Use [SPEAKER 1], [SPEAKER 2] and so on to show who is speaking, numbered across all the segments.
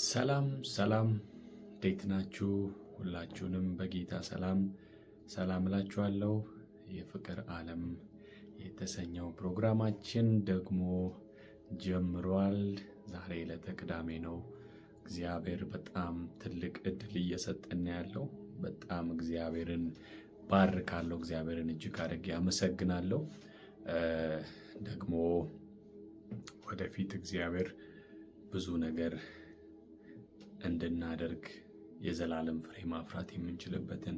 [SPEAKER 1] ሰላም ሰላም፣ እንዴት ናችሁ? ሁላችሁንም በጌታ ሰላም ሰላም እላችኋለሁ። የፍቅር ዓለም የተሰኘው ፕሮግራማችን ደግሞ ጀምሯል። ዛሬ ዕለተ ቅዳሜ ነው። እግዚአብሔር በጣም ትልቅ እድል እየሰጠን ያለው በጣም እግዚአብሔርን ባርካለሁ። እግዚአብሔርን እጅግ አድርጌ አመሰግናለሁ። ደግሞ ወደፊት እግዚአብሔር ብዙ ነገር እንድናደርግ የዘላለም ፍሬ ማፍራት የምንችልበትን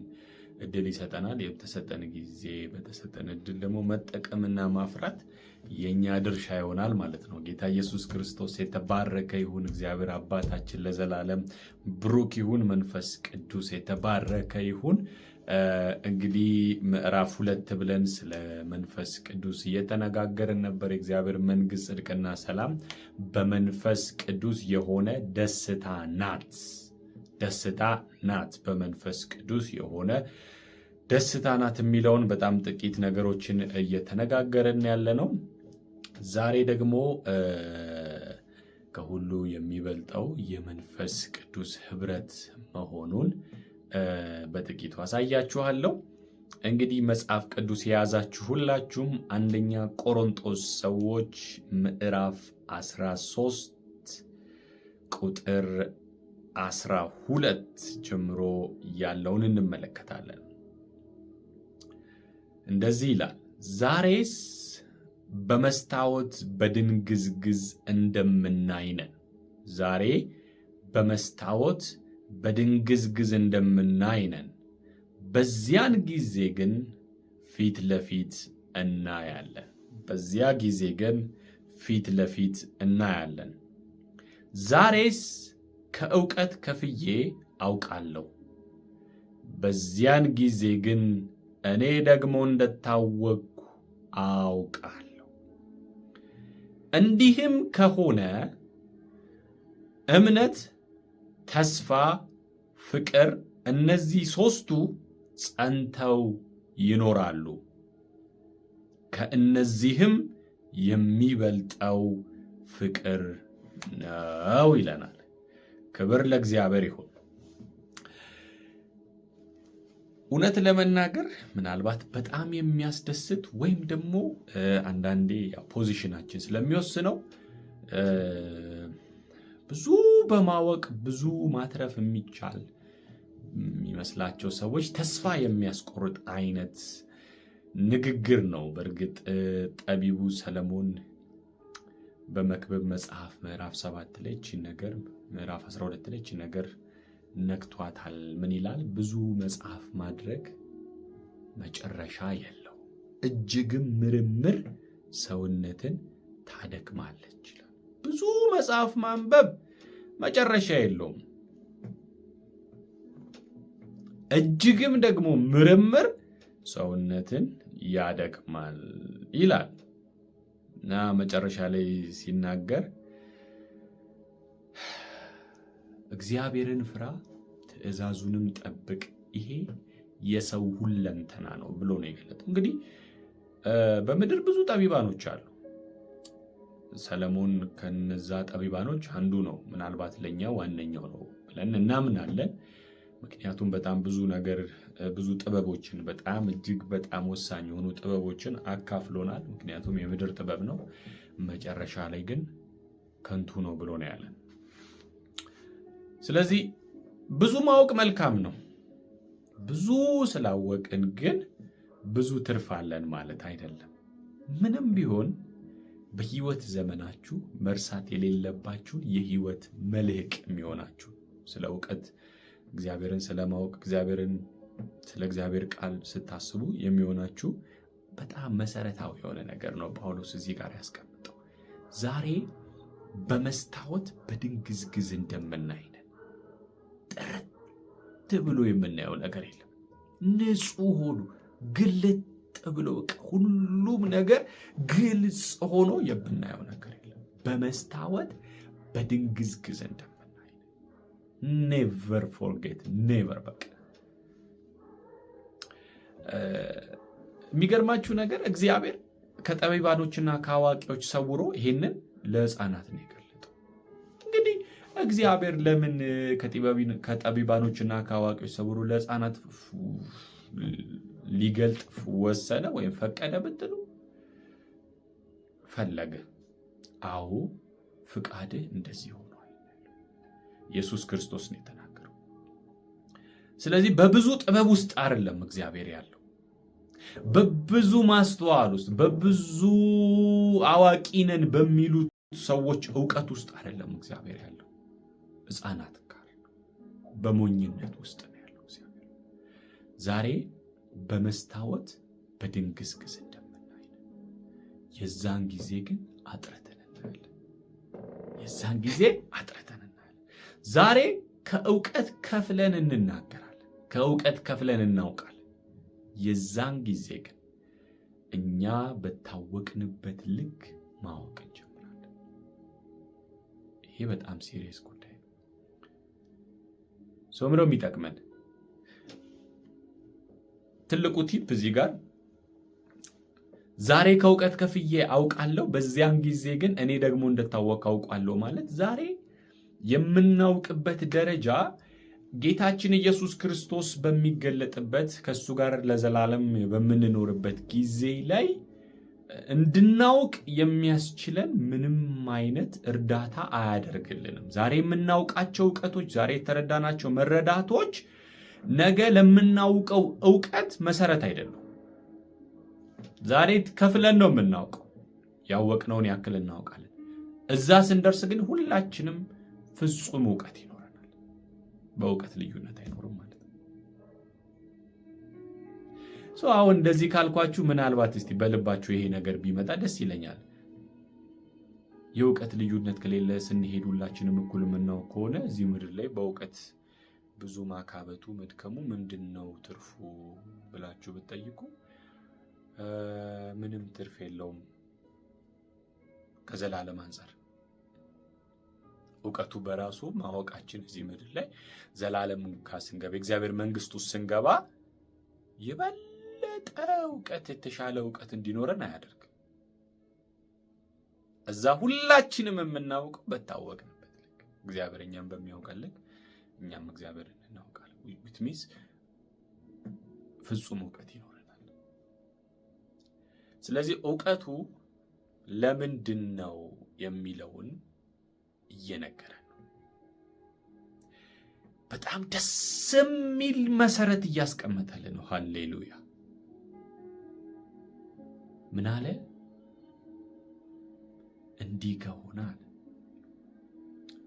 [SPEAKER 1] እድል ይሰጠናል። የተሰጠን ጊዜ በተሰጠን እድል ደግሞ መጠቀምና ማፍራት የእኛ ድርሻ ይሆናል ማለት ነው። ጌታ ኢየሱስ ክርስቶስ የተባረከ ይሁን። እግዚአብሔር አባታችን ለዘላለም ብሩክ ይሁን። መንፈስ ቅዱስ የተባረከ ይሁን። እንግዲህ ምዕራፍ ሁለት ብለን ስለ መንፈስ ቅዱስ እየተነጋገርን ነበር። የእግዚአብሔር መንግስት ጽድቅና ሰላም በመንፈስ ቅዱስ የሆነ ደስታ ናት። ደስታ ናት በመንፈስ ቅዱስ የሆነ ደስታ ናት የሚለውን በጣም ጥቂት ነገሮችን እየተነጋገርን ያለ ነው። ዛሬ ደግሞ ከሁሉ የሚበልጠው የመንፈስ ቅዱስ ህብረት መሆኑን በጥቂቱ አሳያችኋለሁ። እንግዲህ መጽሐፍ ቅዱስ የያዛችሁ ሁላችሁም አንደኛ ቆሮንጦስ ሰዎች ምዕራፍ 13 ቁጥር 12 ጀምሮ ያለውን እንመለከታለን። እንደዚህ ይላል፣ ዛሬስ በመስታወት በድንግዝግዝ እንደምናይነን ዛሬ በመስታወት በድንግዝግዝ እንደምናይ ነን። በዚያን ጊዜ ግን ፊት ለፊት እናያለን። በዚያ ጊዜ ግን ፊት ለፊት እናያለን። ዛሬስ ከእውቀት ከፍዬ አውቃለሁ። በዚያን ጊዜ ግን እኔ ደግሞ እንደታወቅኩ አውቃለሁ። እንዲህም ከሆነ እምነት ተስፋ፣ ፍቅር እነዚህ ሦስቱ ጸንተው ይኖራሉ። ከእነዚህም የሚበልጠው ፍቅር ነው ይለናል። ክብር ለእግዚአብሔር ይሁን። እውነት ለመናገር ምናልባት በጣም የሚያስደስት ወይም ደግሞ አንዳንዴ ፖዚሽናችን ስለሚወስነው ብዙ በማወቅ ብዙ ማትረፍ የሚቻል የሚመስላቸው ሰዎች ተስፋ የሚያስቆርጥ አይነት ንግግር ነው። በእርግጥ ጠቢቡ ሰለሞን በመክብብ መጽሐፍ ምዕራፍ 7 ላይ ይህችን ነገር ምዕራፍ 12 ላይ ይህችን ነገር ነክቷታል። ምን ይላል? ብዙ መጽሐፍ ማድረግ መጨረሻ የለው፣ እጅግም ምርምር ሰውነትን ታደክማለች። ብዙ መጽሐፍ ማንበብ መጨረሻ የለውም። እጅግም ደግሞ ምርምር ሰውነትን ያደክማል ይላል እና መጨረሻ ላይ ሲናገር እግዚአብሔርን ፍራ፣ ትእዛዙንም ጠብቅ፣ ይሄ የሰው ሁለንተና ነው ብሎ ነው የገለጠው። እንግዲህ በምድር ብዙ ጠቢባኖች አሉ። ሰለሞን ከነዛ ጠቢባኖች አንዱ ነው። ምናልባት ለእኛ ዋነኛው ነው ብለን እናምናለን። ምክንያቱም በጣም ብዙ ነገር ብዙ ጥበቦችን በጣም እጅግ በጣም ወሳኝ የሆኑ ጥበቦችን አካፍሎናል። ምክንያቱም የምድር ጥበብ ነው። መጨረሻ ላይ ግን ከንቱ ነው ብሎ ነው ያለን። ስለዚህ ብዙ ማወቅ መልካም ነው። ብዙ ስላወቅን ግን ብዙ ትርፍ አለን ማለት አይደለም። ምንም ቢሆን በህይወት ዘመናችሁ መርሳት የሌለባችሁ የህይወት መልህቅ የሚሆናችሁ ስለ እውቀት እግዚአብሔርን ስለማወቅ እግዚአብሔርን ስለ እግዚአብሔር ቃል ስታስቡ የሚሆናችሁ በጣም መሰረታዊ የሆነ ነገር ነው። ጳውሎስ እዚህ ጋር ያስቀምጠው ዛሬ በመስታወት በድንግዝግዝ እንደምናይነን ጥርት ብሎ የምናየው ነገር የለም። ንጹህ ሆኑ ግልት ብሎ ሁሉም ነገር ግልጽ ሆኖ የምናየው ነገር የለም። በመስታወት በድንግዝግዝ እንደምናይ ኔቨር ፎርጌት ኔቨር በቃ የሚገርማችሁ ነገር እግዚአብሔር ከጠቢባኖችና ከአዋቂዎች ሰውሮ ይሄንን ለህፃናት ነው የገለጠው። እንግዲህ እግዚአብሔር ለምን ከጠቢባኖችና ከአዋቂዎች ሰውሮ ለህፃናት ሊገልጥ ወሰነ ወይም ፈቀደ ብትሉ ፈለገ። አዎ ፍቃድህ እንደዚህ ሆኗል። ኢየሱስ ክርስቶስ ነው የተናገረው። ስለዚህ በብዙ ጥበብ ውስጥ አይደለም እግዚአብሔር ያለው በብዙ ማስተዋል ውስጥ በብዙ አዋቂ ነን በሚሉት ሰዎች እውቀት ውስጥ አይደለም እግዚአብሔር ያለው። ሕፃናት ጋር በሞኝነት ውስጥ ነው ያለው እግዚአብሔር ዛሬ በመስታወት በድንግዝግዝ እንደምናይ የዛን ጊዜ ግን አጥረተን እናያለን። የዛን ጊዜ አጥረተን እናያለን። ዛሬ ከእውቀት ከፍለን እንናገራለን። ከእውቀት ከፍለን እናውቃለን። የዛን ጊዜ ግን እኛ በታወቅንበት ልክ ማወቅ እንጀምራለን። ይሄ በጣም ሲሪየስ ጉዳይ ነው። ሰምረው የሚጠቅመን ትልቁ ቲፕ እዚህ ጋር ዛሬ ከእውቀት ከፍዬ አውቃለሁ፣ በዚያን ጊዜ ግን እኔ ደግሞ እንደታወቅ አውቃለሁ ማለት ዛሬ የምናውቅበት ደረጃ ጌታችን ኢየሱስ ክርስቶስ በሚገለጥበት ከእሱ ጋር ለዘላለም በምንኖርበት ጊዜ ላይ እንድናውቅ የሚያስችለን ምንም አይነት እርዳታ አያደርግልንም። ዛሬ የምናውቃቸው እውቀቶች፣ ዛሬ የተረዳናቸው መረዳቶች ነገ ለምናውቀው እውቀት መሰረት አይደለም። ዛሬ ከፍለን ነው የምናውቀው፣ ያወቅነውን ያክል እናውቃለን። እዛ ስንደርስ ግን ሁላችንም ፍጹም እውቀት ይኖረናል። በእውቀት ልዩነት አይኖርም ማለት ነው። አሁን እንደዚህ ካልኳችሁ ምናልባት እስቲ በልባችሁ ይሄ ነገር ቢመጣ ደስ ይለኛል። የእውቀት ልዩነት ከሌለ ስንሄድ ሁላችንም እኩል የምናውቅ ከሆነ እዚህ ምድር ላይ በእውቀት ብዙ ማካበቱ መድከሙ ምንድን ነው ትርፉ ብላችሁ ብትጠይቁ ምንም ትርፍ የለውም። ከዘላለም አንጻር እውቀቱ በራሱ ማወቃችን እዚህ ምድር ላይ ዘላለም ካ ስንገባ የእግዚአብሔር መንግስት ውስጥ ስንገባ የበለጠ እውቀት የተሻለ እውቀት እንዲኖረን አያደርግም። እዛ ሁላችንም የምናውቀው በታወቅንበት እግዚአብሔር እኛም እኛም እግዚአብሔርን እናውቃለን። ዊት ሚንስ ፍጹም እውቀት ይኖረናል። ስለዚህ እውቀቱ ለምንድን ነው የሚለውን እየነገረን በጣም ደስ የሚል መሰረት እያስቀመጠልን ነው። ሃሌሉያ። ምን አለ? እንዲህ ከሆነ አለ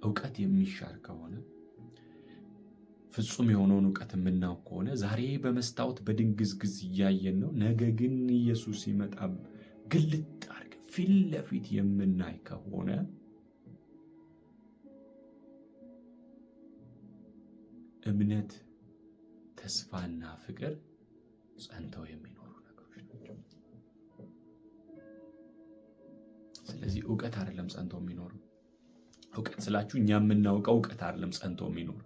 [SPEAKER 1] እውቀት የሚሻር ከሆነ ፍጹም የሆነውን እውቀት የምናውቅ ከሆነ ዛሬ በመስታወት በድንግዝግዝ እያየን ነው። ነገ ግን ኢየሱስ ሲመጣ ግልጥ አድርገ ፊት ለፊት የምናይ ከሆነ እምነት፣ ተስፋና ፍቅር ጸንተው የሚኖሩ ነገሮች ናቸው። ስለዚህ እውቀት አይደለም ጸንተው የሚኖሩ እውቀት ስላችሁ እኛ የምናውቀው እውቀት አይደለም ጸንተው የሚኖሩ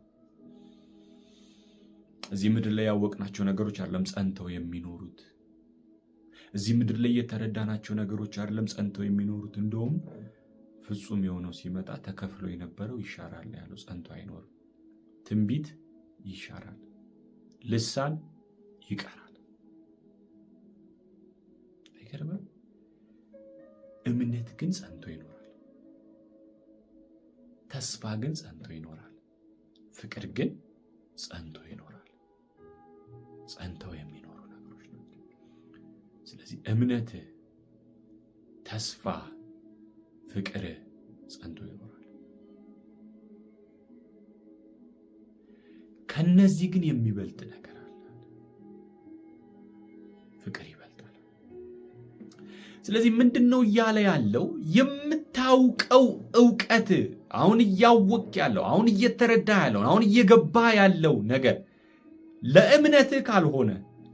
[SPEAKER 1] እዚህ ምድር ላይ ያወቅናቸው ነገሮች አይደለም ጸንተው የሚኖሩት። እዚህ ምድር ላይ የተረዳናቸው ነገሮች አይደለም ጸንተው የሚኖሩት። እንደውም ፍጹም የሆነው ሲመጣ ተከፍሎ የነበረው ይሻራል ያለው ጸንቶ አይኖርም። ትንቢት ይሻራል፣ ልሳን ይቀራል። አይገርምም? እምነት ግን ጸንቶ ይኖራል። ተስፋ ግን ጸንቶ ይኖራል። ፍቅር ግን ጸንቶ ይኖራል። ጸንተው የሚኖሩ ነገሮች ናቸው። ስለዚህ እምነት ተስፋ፣ ፍቅር ጸንቶ ይኖራል። ከነዚህ ግን የሚበልጥ ነገር አለ። ፍቅር ይበልጣል። ስለዚህ ምንድን ነው እያለ ያለው? የምታውቀው እውቀት አሁን እያወቅ ያለው አሁን እየተረዳ ያለውን አሁን እየገባ ያለው ነገር ለእምነትህ ካልሆነ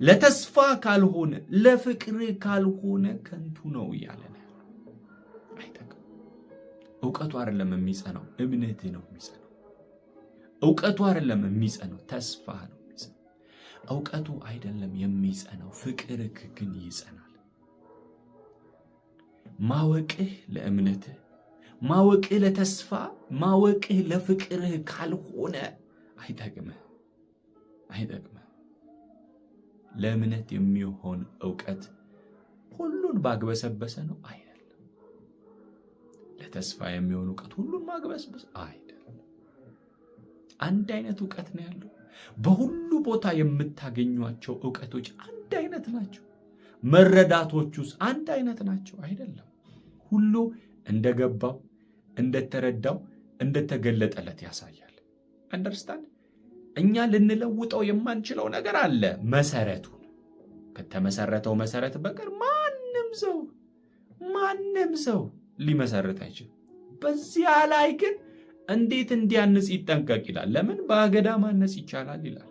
[SPEAKER 1] ለተስፋ ካልሆነ ለፍቅር ካልሆነ ከንቱ ነው እያለ አይጠቅም። እውቀቱ አይደለም የሚጸናው፣ እምነት ነው የሚጸናው። እውቀቱ አይደለም የሚጸናው፣ ተስፋ ነው የሚጸናው። እውቀቱ አይደለም የሚጸናው፣ ፍቅርህ ግን ይጸናል። ማወቅህ ለእምነትህ፣ ማወቅህ ለተስፋ፣ ማወቅህ ለፍቅርህ ካልሆነ አይጠቅምህ። አይጠቅምም። ለእምነት የሚሆን እውቀት ሁሉን ባግበሰበሰ ነው አይደለም። ለተስፋ የሚሆን እውቀት ሁሉን ማግበስበስ አይደለም። አንድ አይነት እውቀት ነው ያለው። በሁሉ ቦታ የምታገኟቸው እውቀቶች አንድ አይነት ናቸው። መረዳቶቹስ አንድ አይነት ናቸው አይደለም። ሁሉ እንደገባው እንደተረዳው እንደተገለጠለት ያሳያል። አንደርስታንድ እኛ ልንለውጠው የማንችለው ነገር አለ። መሰረቱን ከተመሰረተው መሰረት በቀር ማንም ሰው ማንም ሰው ሊመሰረት አይችልም። በዚያ ላይ ግን እንዴት እንዲያንጽ ይጠንቀቅ ይላል። ለምን በአገዳ ማነጽ ይቻላል ይላል።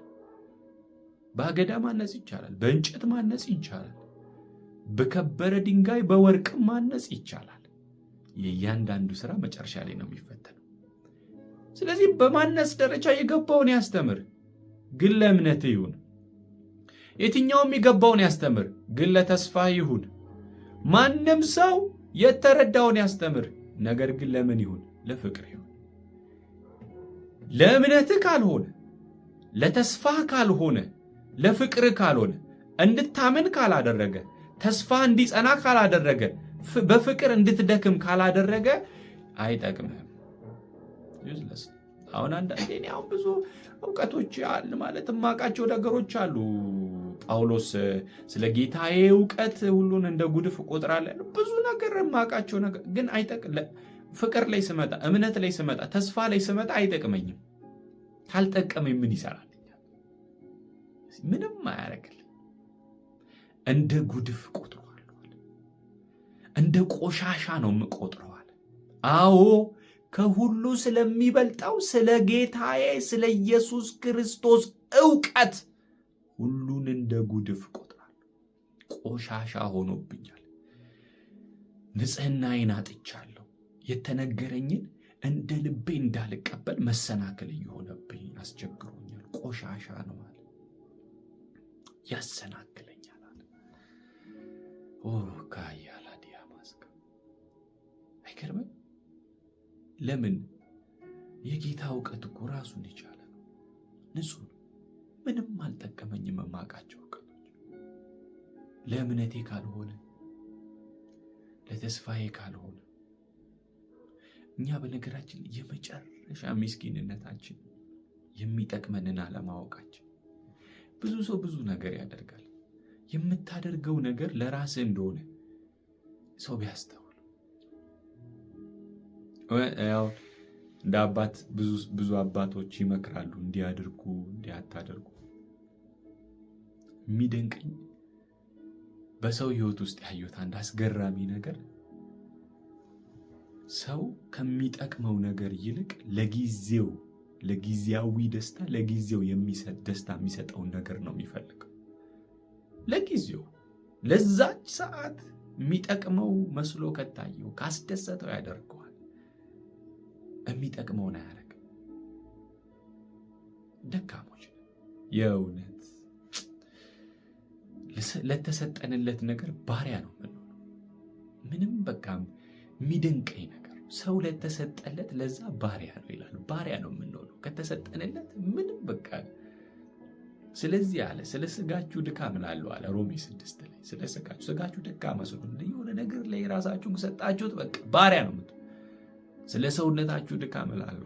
[SPEAKER 1] በአገዳ ማነጽ ይቻላል፣ በእንጨት ማነጽ ይቻላል፣ በከበረ ድንጋይ በወርቅም ማነጽ ይቻላል። የእያንዳንዱ ስራ መጨረሻ ላይ ነው የሚፈተን። ስለዚህ በማነስ ደረጃ የገባውን ያስተምር፣ ግን ለእምነት ይሁን። የትኛውም የገባውን ያስተምር፣ ግን ለተስፋ ይሁን። ማንም ሰው የተረዳውን ያስተምር፣ ነገር ግን ለምን ይሁን? ለፍቅር ይሁን። ለእምነትህ ካልሆነ፣ ለተስፋ ካልሆነ፣ ለፍቅር ካልሆነ፣ እንድታምን ካላደረገ፣ ተስፋ እንዲጸና ካላደረገ፣ በፍቅር እንድትደክም ካላደረገ አይጠቅምህም። ዩዝለስ አሁን አንዳንዴ እኔ አሁን ብዙ እውቀቶች አሉ ማለት የማውቃቸው ነገሮች አሉ። ጳውሎስ ስለ ጌታዬ እውቀት ሁሉን እንደ ጉድፍ እቆጥራለሁ ብዙ ነገር የማውቃቸው ነገር ግን አይጠቅም። ፍቅር ላይ ስመጣ፣ እምነት ላይ ስመጣ፣ ተስፋ ላይ ስመጣ አይጠቅመኝም። ካልጠቀመኝ ምን ይሰራል? ምንም አያረግል። እንደ ጉድፍ ቆጥረዋል። እንደ ቆሻሻ ነው የምቆጥረዋል። አዎ ከሁሉ ስለሚበልጠው ስለ ጌታዬ ስለ ኢየሱስ ክርስቶስ እውቀት ሁሉን እንደ ጉድፍ ቆጥራል ቆሻሻ ሆኖብኛል፣ ንጽህናዬን አጥቻለሁ። የተነገረኝን እንደ ልቤ እንዳልቀበል መሰናክል እየሆነብኝ አስቸግሮኛል። ቆሻሻ ነው አለ፣ ያሰናክለኛል አለ ካያ ለምን? የጌታ እውቀት እኮ ራሱን የቻለ ነው፣ ነው። ምንም አልጠቀመኝም የማውቃቸው እውቀቶች ለእምነቴ ካልሆነ ለተስፋዬ ካልሆነ እኛ በነገራችን የመጨረሻ ምስኪንነታችን የሚጠቅመንን አለማወቃችን። ብዙ ሰው ብዙ ነገር ያደርጋል። የምታደርገው ነገር ለራስህ እንደሆነ ሰው ቢያስተው ያው እንደ አባት ብዙ አባቶች ይመክራሉ፣ እንዲያደርጉ እንዲያታደርጉ የሚደንቀኝ በሰው ህይወት ውስጥ ያዩት አንድ አስገራሚ ነገር ሰው ከሚጠቅመው ነገር ይልቅ ለጊዜው ለጊዜያዊ ደስታ ለጊዜው የሚሰጥ ደስታ የሚሰጠውን ነገር ነው የሚፈልገው። ለጊዜው ለዛች ሰዓት የሚጠቅመው መስሎ ከታየው ካስደሰተው ያደርገዋል። የሚጠቅመውን አያደርግም። ደካሞች የእውነት ለተሰጠንለት ነገር ባሪያ ነው የምንሆነው። ምንም በቃም የሚደንቀኝ ነገር ሰው ለተሰጠለት ለዛ ባሪያ ነው ይላል። ባሪያ ነው የምንሆነው ከተሰጠንለት ምንም በቃ ስለዚህ አለ ስለ ስጋችሁ ድካም እላለሁ አለ ሮሜ ስድስት ላይ ስለ ስጋችሁ ስጋችሁ ደካማ ስለሆነ የሆነ ነገር ላይ ራሳችሁን ሰጣችሁት፣ በቃ ባሪያ ነው ስለ ሰውነታችሁ ድካም እላለሁ።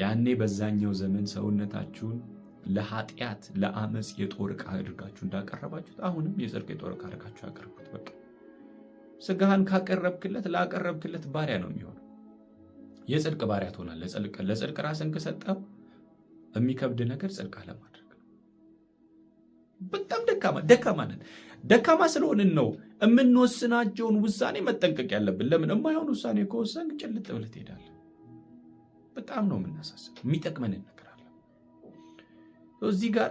[SPEAKER 1] ያኔ በዛኛው ዘመን ሰውነታችሁን ለኃጢአት ለአመፅ የጦር ዕቃ አድርጋችሁ እንዳቀረባችሁት አሁንም የጽድቅ የጦር ዕቃ አድርጋችሁ አቅርቡት። በቃ ስጋህን ካቀረብክለት ላቀረብክለት ባሪያ ነው የሚሆነው። የጽድቅ ባሪያ ትሆናል። ለጽድቅ ራስን ከሰጠው የሚከብድ ነገር ጽድቅ አለማድረግ ነው። በጣም ደካማ ደካማ ነን። ደካማ ስለሆንን ነው የምንወስናቸውን ውሳኔ መጠንቀቅ ያለብን። ለምን የማይሆን ውሳኔ ከወሰን ጭልጥ ብለህ ትሄዳለህ። በጣም ነው የምናሳስበው። የሚጠቅመንን ነገር አለ እዚህ ጋር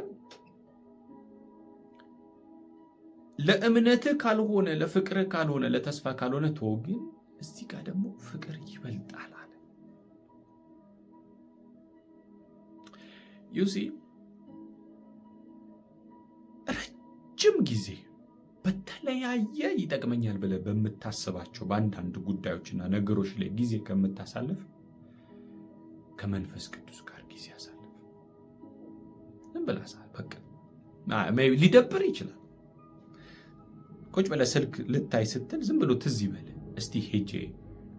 [SPEAKER 1] ለእምነትህ ካልሆነ ለፍቅርህ ካልሆነ ለተስፋ ካልሆነ ተወው። ግን እዚህ ጋር ደግሞ ፍቅር ይበልጣል አለ። ዩሲ ረጅም ጊዜ በተለያየ ይጠቅመኛል ብለህ በምታስባቸው በአንዳንድ ጉዳዮችና ነገሮች ላይ ጊዜ ከምታሳልፍ ከመንፈስ ቅዱስ ጋር ጊዜ አሳልፍ። ዝም ብላ በቃ ሊደብር ይችላል። ቁጭ ብለህ ስልክ ልታይ ስትል ዝም ብሎ ትዝ ይበል። እስቲ ሄጄ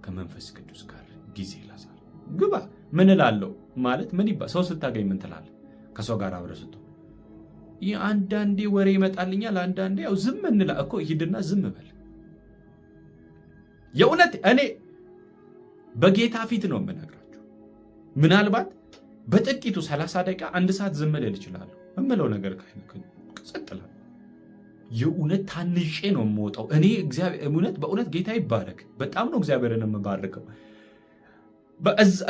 [SPEAKER 1] ከመንፈስ ቅዱስ ጋር ጊዜ ላሳልፍ። ግባ ምን እላለሁ ማለት ምን ይባል ሰው ስታገኝ ምን ትላለህ? ከሰው ጋር አብረህ ስትሆን የአንዳንዴ ወሬ ይመጣልኛል፣ አንዳንዴ ያው ዝም እንላ እኮ ሂድና ዝም በል። የእውነት እኔ በጌታ ፊት ነው የምነግራችሁ። ምናልባት በጥቂቱ 30 ደቂቃ አንድ ሰዓት ዝም ልል እችላለሁ። እምለው ነገር ጽጥላ የእውነት ታንሼ ነው የምወጣው እኔ እውነት በእውነት ጌታ ይባረክ። በጣም ነው እግዚአብሔርን የምባርከው።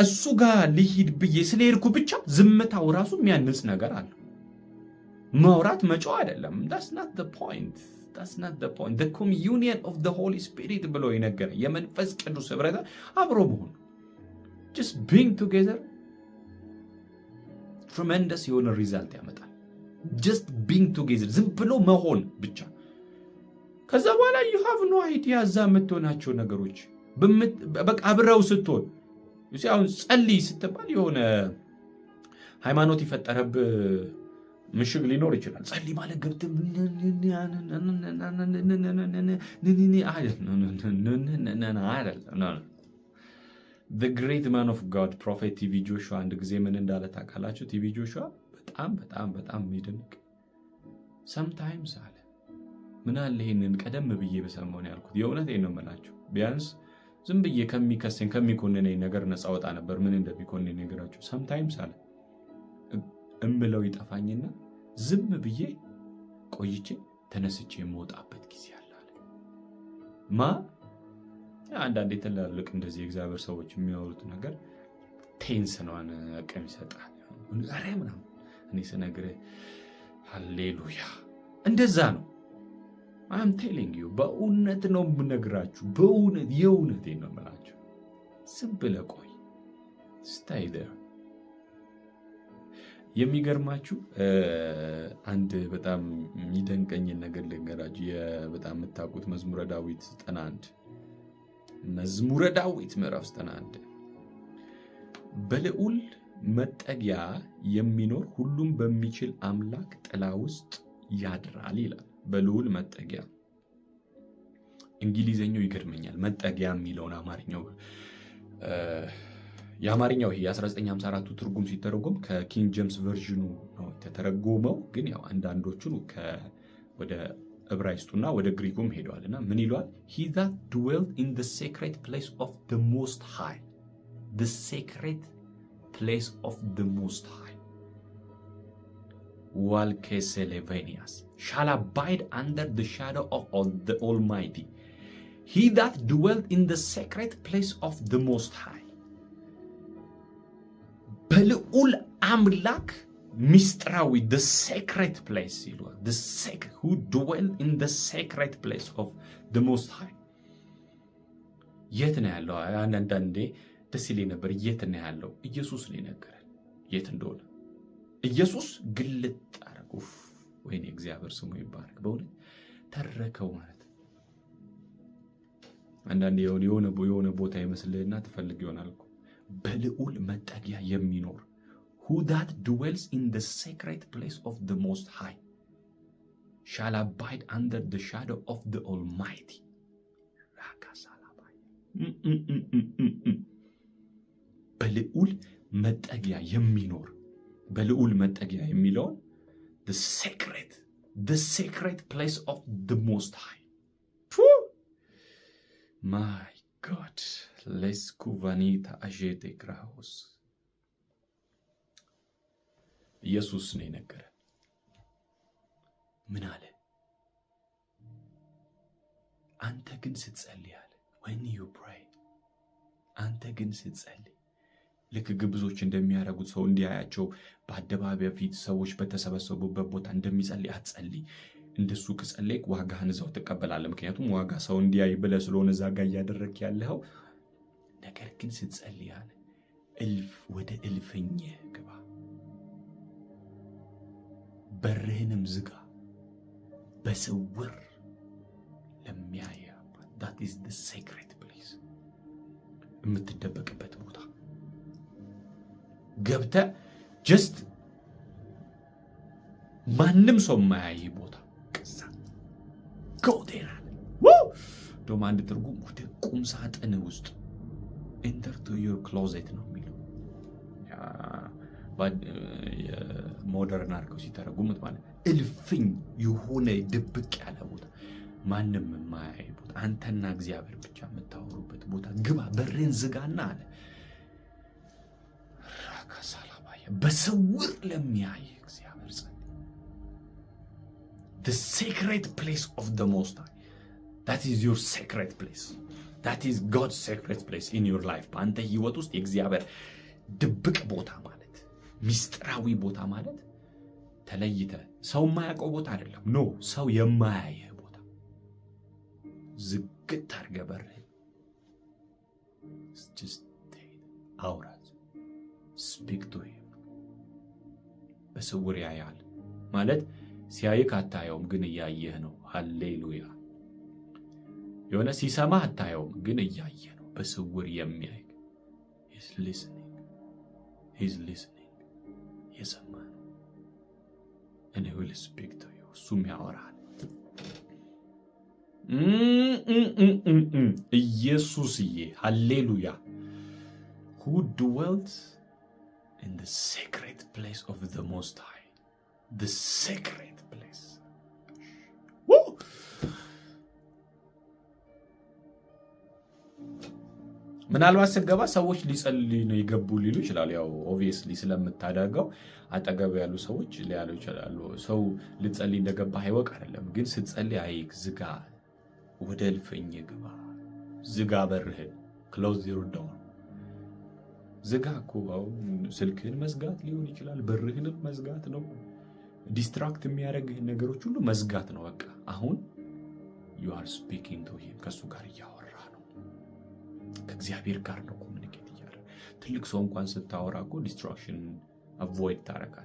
[SPEAKER 1] እሱ ጋር ልሂድ ብዬ ስለሄድኩ ብቻ ዝምታው ራሱ የሚያንጽ ነገር አለ። መውራት መጮ አይደለም። ስ ናት ኮሚዩኒየን ኦፍ ዘ ሆሊ ስፒሪት ብሎ ይነገረ የመንፈስ ቅዱስ ህብረት አብሮ መሆን ጀስት ቢንግ ቱጌዘር ትሪመንደስ የሆነ ሪዛልት ያመጣል። ጀስት ቢንግ ቱጌዘር ዝም ብሎ መሆን ብቻ። ከዛ በኋላ ዩ ሃቭ ኖ አይዲያ እዛ የምትሆናቸው ነገሮች በቃ አብረው ስትሆን አሁን ጸልይ ስትባል የሆነ ሃይማኖት የፈጠረብህ ምሽግ ሊኖር ይችላል። ጸልይ ገብት ገብተህ ግሬት ማን ኦፍ ጋድ ፕሮፌት ቲቪ ጆሹዋ አንድ ጊዜ ምን እንዳለ ታውቃላችሁ? ቲቪ ጆሹዋ በጣም በጣም በጣም የሚደንቅ ሰምታይምስ አለ ምን አለ ይሄንን ቀደም ብዬ በሰማሁ ነው ያልኩት። የእውነት ነው የምላችሁ ቢያንስ ዝም ብዬ ከሚከሰኝ ከሚኮንነኝ ነገር ነፃ ወጣ ነበር። ምን እንደሚኮንነኝ ነገራችሁ ሰምታይምስ አለ እምለው ይጠፋኝና ዝም ብዬ ቆይቼ ተነስቼ የምወጣበት ጊዜ አለ አለ። ማ አንዳንዴ ትላልቅ እንደዚህ የእግዚአብሔር ሰዎች የሚያወሩት ነገር ነዋን አቅም ይሰጣል። ዛሬ ምናም እኔ ስነግር ሃሌሉያ እንደዛ ነው። አም ቴሊንግ ዩ በእውነት ነው የምነግራችሁ፣ በእውነት የእውነት ነው የምላችሁ። ዝም ብለህ ቆይ ስታይ የሚገርማችሁ አንድ በጣም የሚደንቀኝን ነገር ልንገራችሁ። በጣም የምታውቁት መዝሙረ ዳዊት 91 መዝሙረ ዳዊት ምዕራፍ 91 በልዑል መጠጊያ የሚኖር ሁሉም በሚችል አምላክ ጥላ ውስጥ ያድራል ይላል። በልዑል መጠጊያ እንግሊዘኛው ይገርመኛል። መጠጊያ የሚለውን አማርኛው የአማርኛው ይሄ የ1954ቱ ትርጉም ሲተረጎም ከኪንግ ጄምስ ቨርዥኑ ነው የተተረጎመው። ግን ያው አንዳንዶቹን ወደ ዕብራይስጡና ወደ ግሪኩም ሄደዋል እና ምን ይሏል? ሂ ዛት ኢን ዘ ሴክሬት ፕሌስ ኦፍ ዘ ሞስት ሃይ ዘ ሴክሬት ፕሌስ ኦፍ ዘ ሞስት ሃይ ዋልኬሴሌቬኒያስ ሻል አባይድ አንደር ዘ ሻዶ ኦፍ ዘ ኦልማይቲ ሂ ዛት ኢን ዘ ሴክሬት ፕሌስ ኦፍ ዘ ሞስት ሃይ በልዑል አምላክ ሚስጥራዊ ሴክሬት ፕሌስ ይሏል። ሁ ድዌል ኢን ሴክሬት ፕሌስ ኦፍ ሞስት ሃይ የት ነው ያለው? አንዳንዴ ደስ ይለኝ ነበር። የት ነው ያለው? ኢየሱስ ነው የነገረን የት እንደሆነ። ኢየሱስ ግልጥ አረጉ። ወይ እግዚአብሔር ስሙ ይባረክ። በእውነት ተረከው ማለት አንዳንዴ የሆነ ቦታ ይመስልህና ትፈልግ ይሆናል እኮ በልዑል መጠጊያ የሚኖር ሁ ዳት ድዌልስ ኢን ዘ ሴክሬት ፕሌስ ኦፍ ዘ ሞስት ሃይ ሻል አባይድ አንደር ዘ ሻዶ ኦፍ ዘ ኦልማይቲ በልዑል መጠጊያ የሚኖር በልዑል መጠጊያ የሚለውን ሴክሬት ሴክሬት ፕሌስ ኦፍ ዘ ሞስት ሃይ ማይ ጋድ ለስኩቫኒታ አዤቴ ክራሆስ ኢየሱስ ነው የነገረ። ምን አለ? አንተ ግን ስትጸልይ አለ ወን ዩ ፕራይ አንተ ግን ስትጸልይ ልክ ግብዞች እንደሚያደርጉት ሰው እንዲያያቸው በአደባባይ ፊት ሰዎች በተሰበሰቡበት ቦታ እንደሚጸልይ አትጸልይ። እንደሱ ከጸለይክ ዋጋህን እዛው ትቀበላለህ። ምክንያቱም ዋጋ ሰው እንዲያይ ብለህ ስለሆነ እዛ ጋ እያደረግክ ያለኸው ነገር ግን ስትጸልይ አለ እልፍ ወደ እልፍኝህ ግባ፣ በርህንም ዝጋ፣ በስውር ለሚያየ አባት ዳት ኢዝ ዘ ሴክሬት ፕሌስ የምትደበቅበት ቦታ ገብተ ጀስት ማንም ሰው የማያይ ቦታ ቅዛ ጎቴና ዶም አንድ ትርጉም ወደ ቁም ሳጥን ውስጥ ኢንተር ቱ ዩር ክሎዜት ነው የሚለው ሞደርን አድርገው ሲተረጉሙት ማለት እልፍኝ የሆነ ድብቅ ያለ ቦታ፣ ማንም የማያይ ቦታ፣ አንተና እግዚአብሔር ብቻ የምታወሩበት ቦታ ግባ፣ በሬን ዝጋና አለ ራካሳላባያ በስውር ለሚያይ እግዚአብሔር ጸ ሴክሬት ፕሌስ ኦፍ ሞስታ ሞስት ዳት ኢዝ ዮር ሴክሬት ፕሌስ ዳት ኢዝ ጎድ ሴክሬት ፕሌስ ኢን ዮር ላይፍ በአንተ ህይወት ውስጥ የእግዚአብሔር ድብቅ ቦታ ማለት ሚስጥራዊ ቦታ ማለት ተለይተ ሰው የማያውቀው ቦታ አይደለም። ኖ ሰው የማያየህ ቦታ ዝግት አድርገህ አውራት። ስፒክ ቱ በስውር ያያል ማለት ሲያይህ አታየውም፣ ግን እያየህ ነው። ሃሌሉያ የሆነ ሲሰማ አታየውም፣ ግን እያየ ነው። በስውር የሚያይ የሰማ ነው። እኔ ዊል ስፒክ ቱ ዩ እሱም ያወራል። ኢየሱስዬ ሃሌሉያ who dwelt in the sacred place of the Most High the sacred place ምናልባት ስገባ ሰዎች ሊጸልይ ነው የገቡ ሊሉ ይችላሉ። ያው ኦብቪየስሊ ስለምታደርገው አጠገብ ያሉ ሰዎች ሊያሉ ይችላሉ። ሰው ልጸልይ እንደገባ አይወቅ አይደለም፣ ግን ስትጸልይ አይክ ዝጋ፣ ወደ እልፍኝ ግባ፣ ዝጋ በርህን፣ ክሎዝ ሩዳውን ዝጋ። እኮ አሁን ስልክህን መዝጋት ሊሆን ይችላል፣ በርህንም መዝጋት ነው። ዲስትራክት የሚያደርግህን ነገሮች ሁሉ መዝጋት ነው። በቃ አሁን ዩ አር ስፒኪንግ ቱ ሂም ከእሱ ጋር እያወ ከእግዚአብሔር ጋር ነው ኮሚኒኬት እያደረግ ትልቅ ሰው እንኳን ስታወራ እኮ ዲስትራክሽን አቮይድ ታደርጋለህ።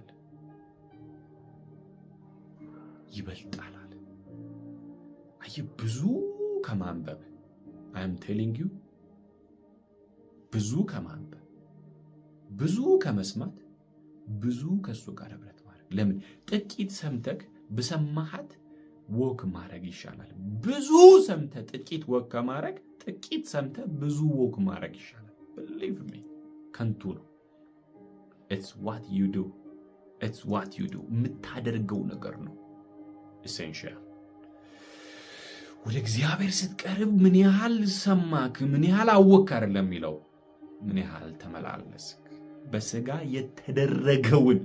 [SPEAKER 1] ይበልጣል አለ። ብዙ ከማንበብ አይም ቴሊንግ ዩ ብዙ ከማንበብ ብዙ ከመስማት ብዙ ከእሱ ጋር ህብረት ማድረግ። ለምን ጥቂት ሰምተክ ብሰማሃት ወክ ማድረግ ይሻላል ብዙ ሰምተ ጥቂት ወክ ከማድረግ ጥቂት ሰምተ ብዙ ወክ ማድረግ ይሻላል። ብሊቭ ሚ ከንቱ ነው። ኢትስ ዋት ዩ ዱ ኢትስ ዋት ዩ ዱ የምታደርገው ነገር ነው ኢሴንሺያል። ወደ እግዚአብሔር ስትቀርብ ምን ያህል ሰማክ፣ ምን ያህል አወክ አይደለም የሚለው ምን ያህል ተመላለስክ በስጋ የተደረገውን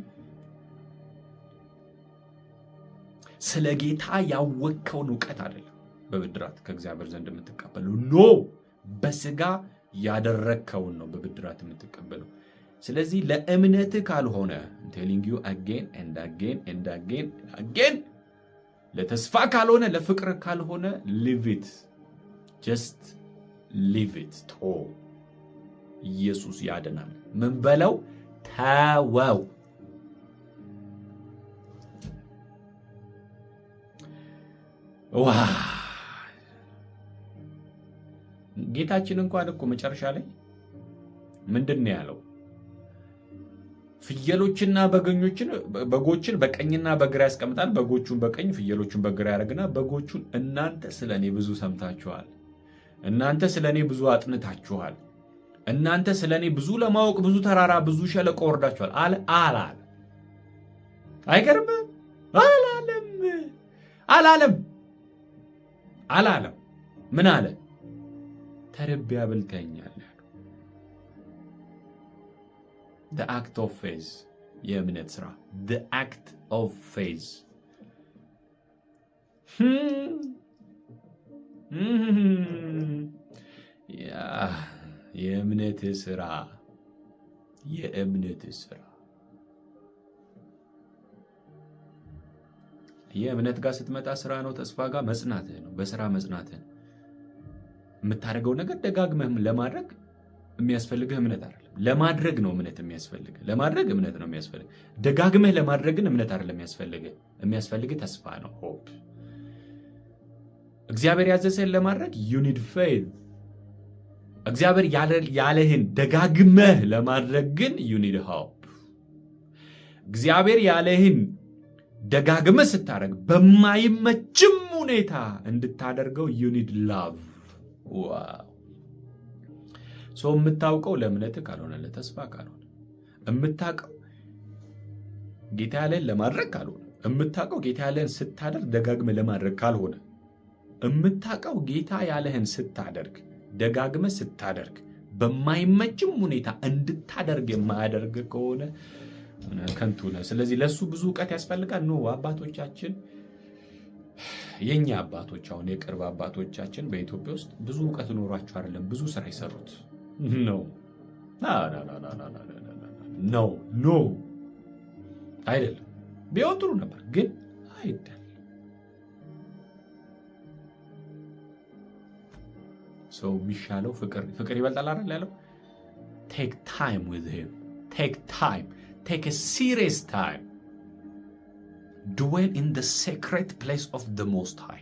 [SPEAKER 1] ስለ ጌታ ያወቅከውን እውቀት አይደለም በብድራት ከእግዚአብሔር ዘንድ የምትቀበለው ኖ በስጋ ያደረግከውን ነው በብድራት የምትቀበለው። ስለዚህ ለእምነት ካልሆነ ቴሊንግ ዩ አጌን ኤንድ አጌን ኤንድ አጌን አጌን ለተስፋ ካልሆነ ለፍቅር ካልሆነ ሊቪት ጀስት ሊቪት ቶ ኢየሱስ ያድናል። ምን በለው ተወው። ዋ ጌታችን እንኳን እኮ መጨረሻ ላይ ምንድን ነው ያለው? ፍየሎችና በገኞችን በጎችን በቀኝና በግራ ያስቀምጣል። በጎቹን በቀኝ ፍየሎቹን በግራ ያደርግና በጎቹን እናንተ ስለ እኔ ብዙ ሰምታችኋል፣ እናንተ ስለ እኔ ብዙ አጥንታችኋል፣ እናንተ ስለ እኔ ብዙ ለማወቅ ብዙ ተራራ ብዙ ሸለቆ ወርዳችኋል አለ አላለ። አይገርምም? አላለም አላለም አላለም። ምን አለ? ተርቤ አብልተኛል ያሉ አክት ኦፍ ፌዝ የእምነት ስራ አክት ኦፍ ፌዝ የእምነት ስራ የእምነት ስራ የእምነት ጋር ስትመጣ ስራ ነው። ተስፋ ጋር መጽናትህ ነው። በስራ መጽናትህ ነው። የምታደርገው ነገር ደጋግመህም ለማድረግ የሚያስፈልግህ እምነት አይደለም። ለማድረግ ነው እምነት የሚያስፈልግህ። ለማድረግ እምነት ነው የሚያስፈልግ። ደጋግመህ ለማድረግን እምነት አይደለም የሚያስፈልግህ። የሚያስፈልግህ ተስፋ ነው፣ ሆፕ። እግዚአብሔር ያዘዘህን ለማድረግ ዩኒድ ፌይዝ። እግዚአብሔር ያለህን ደጋግመህ ለማድረግ ግን ዩኒድ ሆፕ። እግዚአብሔር ያለህን ደጋግመህ ስታደርግ በማይመችም ሁኔታ እንድታደርገው ዩኒድ ላቭ ዋው! ሰው የምታውቀው ለእምነት ካልሆነ ለተስፋ ካልሆነ የምታውቀው ጌታ ያለን ለማድረግ ካልሆነ የምታውቀው ጌታ ያለህን ስታደርግ ደጋግመ ለማድረግ ካልሆነ የምታውቀው ጌታ ያለህን ስታደርግ ደጋግመ ስታደርግ በማይመችም ሁኔታ እንድታደርግ የማያደርግ ከሆነ ከንቱ ነ ስለዚህ ለእሱ ብዙ እውቀት ያስፈልጋል። ኖ አባቶቻችን የእኛ አባቶች አሁን የቅርብ አባቶቻችን በኢትዮጵያ ውስጥ ብዙ እውቀት ኖሯቸው አይደለም ብዙ ስራ የሰሩት ነው ነው ኖ አይደለም። ቢሆን ጥሩ ነበር፣ ግን አይደለም። ሰው የሚሻለው ፍቅር ፍቅር ይበልጣል አይደል ያለው። ቴክ ታይም ዊዝ ሂም ቴክ ታይም ቴክ ሲሪየስ ታይም ድዌል ኢን ዘ ሴክሬት ፕሌስ ኦፍ ዘ ሞስት ሃይ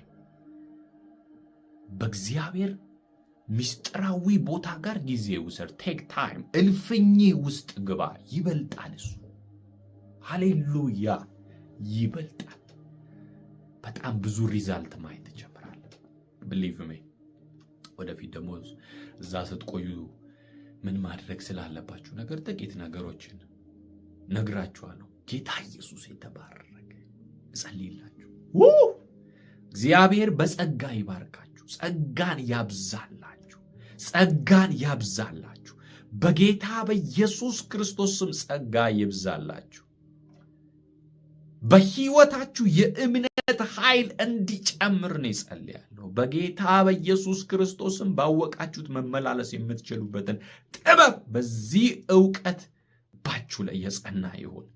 [SPEAKER 1] በእግዚአብሔር ምስጢራዊ ቦታ ጋር ጊዜ ውሰድ። ቴክ ታይም እልፍኝ ውስጥ ግባ። ይበልጣል እሱ። ሃሌሉያ ይበልጣል። በጣም ብዙ ሪዛልት ማየት ትጀምራለህ። ብሊቭ ሜ ወደፊት ደግሞ እዛ ስትቆዩ ምን ማድረግ ስላለባችሁ ነገር ጥቂት ነገሮችን ነግራችኋለሁ። ጌታ ኢየሱስ የተባረረ እጸልይላችሁ። እግዚአብሔር በጸጋ ይባርካችሁ፣ ጸጋን ያብዛላችሁ፣ ጸጋን ያብዛላችሁ። በጌታ በኢየሱስ ክርስቶስ ስም ጸጋ ይብዛላችሁ። በሕይወታችሁ የእምነት ኃይል እንዲጨምር ነው ይጸልያለሁ። በጌታ በኢየሱስ ክርስቶስም ባወቃችሁት መመላለስ የምትችሉበትን ጥበብ በዚህ እውቀት ባችሁ ላይ የጸና ይሁን።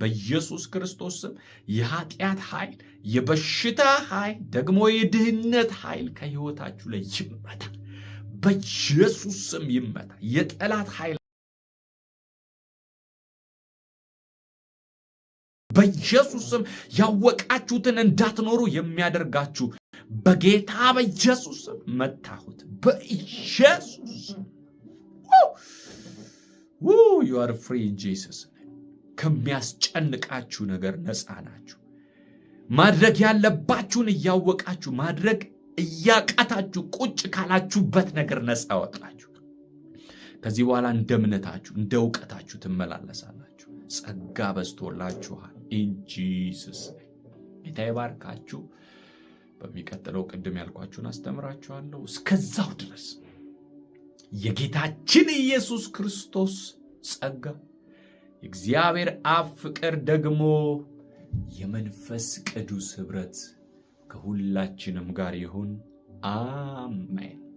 [SPEAKER 1] በኢየሱስ ክርስቶስ ስም የኃጢአት ኃይል፣ የበሽታ ኃይል፣ ደግሞ የድህነት ኃይል ከህይወታችሁ ላይ ይመታ። በኢየሱስ ስም ይመታ። የጠላት ኃይል በኢየሱስ ስም ያወቃችሁትን እንዳትኖሩ የሚያደርጋችሁ በጌታ በኢየሱስ ስም መታሁት። በኢየሱስ ስም ዩ አር ፍሪ ኢን ጂሰስ ከሚያስጨንቃችሁ ነገር ነፃ ናችሁ። ማድረግ ያለባችሁን እያወቃችሁ ማድረግ እያቃታችሁ ቁጭ ካላችሁበት ነገር ነፃ ያወጣችሁ። ከዚህ በኋላ እንደ እምነታችሁ እንደ እውቀታችሁ ትመላለሳላችሁ። ጸጋ በዝቶላችኋል። ኢንጂስስ ጌታ ይባርካችሁ። በሚቀጥለው ቅድም ያልኳችሁን አስተምራችኋለሁ። እስከዛው ድረስ የጌታችን ኢየሱስ ክርስቶስ ጸጋ የእግዚአብሔር አብ ፍቅር ደግሞ የመንፈስ ቅዱስ ኅብረት ከሁላችንም ጋር ይሁን። አሜን።